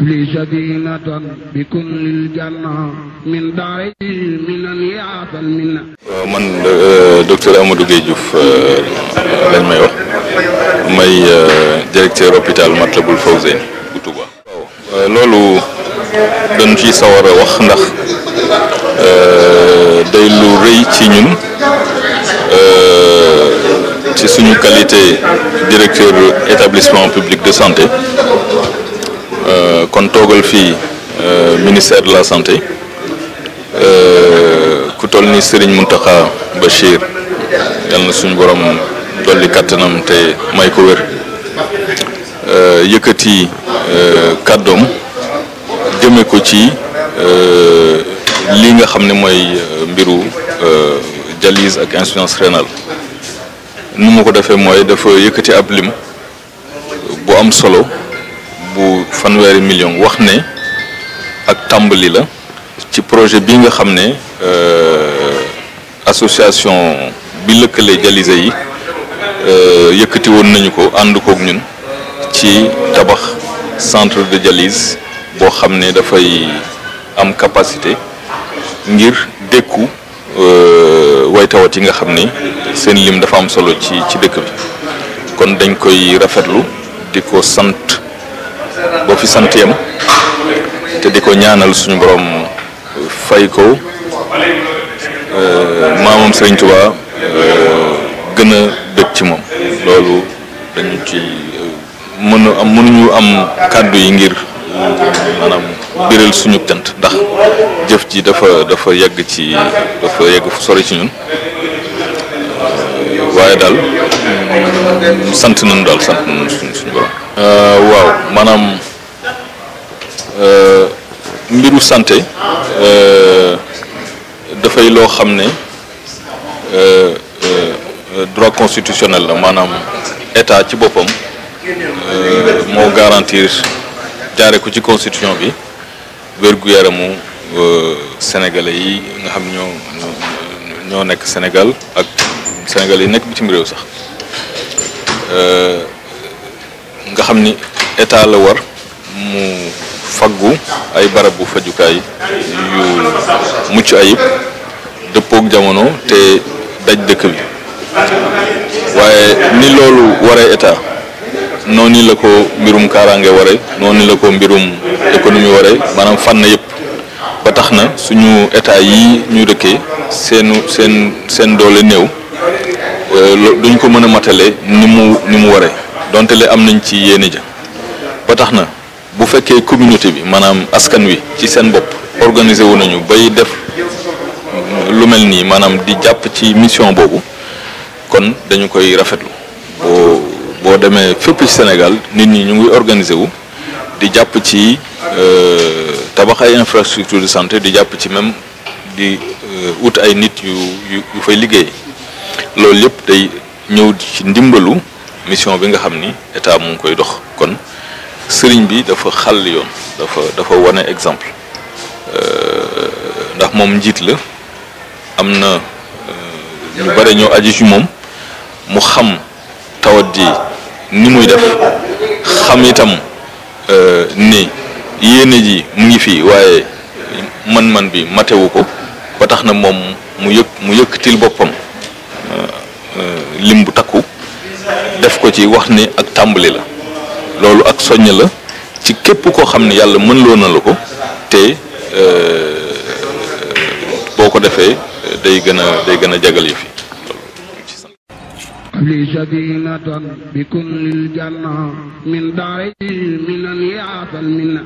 لي سكينة بكل الجنة من داري من يعطى المنة man euh, docteur Amadou Gueye Diouf euh, lañ euh, directeur hôpital Matlaboul loolu dañ ciy sawar wax ndax day lu rëy ci ñun ci suñu qualité directeur établissement public de santé. Euh, kon toogal fii euh, ministère de la santé euh, ku toll ni Serigne Mountakha Bachir yàlla na suñ boroom dolli kàttanam te may ko wér yëkkati kàddoom jëme ko ci li nga xam ne mooy mbiru dialyse ak insuffisance rénale nu mu ko defee mooy dafa yëkkati ab lim bu am solo. bu fanweeri million wax ne ak tàmbali la ci projet bi nga xam ne euh, association bi lëkkale Jalisa yi euh, yëkkati woon nañu ko ànd kook ñun ci tabax centre de dialyse boo xam ne dafay am capacité ngir dékku euh, way tawat yi nga xam ni seen lim dafa am solo ci ci dëkk bi kon dañ koy rafetlu di ko sant fi sant yem te di ko ñaanal suñu boroom fay ko euh, maamam Sëriñ Tuubaa euh, gën a bëgg ci moom loolu dañu ci euh, mën am mënuñu am kàddu yi ngir maanaam biral suñu cant ndax jëf ji dafa dafa yegg ci dafa yegg fu ci ñun waaye daal mm, sant nañu daal sant nañu suñu suñu borom waaw maanaam Euh, mbiru santé euh, dafay loo xam ne euh, droit constitutionnel la maanaam état ci boppam moo garantir jaare ko ci constitution bi wér-gu-yaramu sénégalais yi nga xam ñoo ñoo nekk Sénégal ak sénégalais yi nekk bitim réew sax nga xam ni état la war mu faggu ay barabu fajukaay yu mucc ayib dëppook jamono te daj dëkk bi waaye ni loolu waree état noonu la ko mbirum kaaraange waree noonu la ko mbirum économie waree maanaam fànn yëpp ba tax na suñu état yi ñu dëkkee seenu seen seen doole néew euh, duñ ko mën a matale ni mu ni mu waree donte le am nañ ci yéene ja ba tax na bu fekkee communauté bi maanaam askan wi ci seen bopp organiser wu nañu bay def lu mel nii maanaam di jàpp ci mission boobu kon dañu koy rafetlu boo boo demee fépp ci Sénégal nit ñi ñu ngi organiser wu di jàpp ci euh, tabax ay infrastructure de santé di jàpp ci même di wut euh, ay nit yu yu fay liggéey loolu yëpp day ñëw ci ndimbalu mission bi nga xam ni état mu ngi koy dox kon sëriñ bi dafa xàll yoon dafa dafa wane exemple euh, ndax moom njiit la am na euh, ñu bare ñoo aju ci moom mu xam tawat ji ni muy def xam itam euh, ni yéene ji mu ngi fii waaye man-man bi matewu ko ba tax na moom mu yëkk mu yëkkatil boppam lim bu takku def ko ci wax ni ak tàmbali la loolu ak soññ la ci képp koo xam ne yàlla mën loo na la ko te euh, boo ko defee day gën a gën a jagal yi fi li sadinatan bi kun lil janna min daari minan yaatal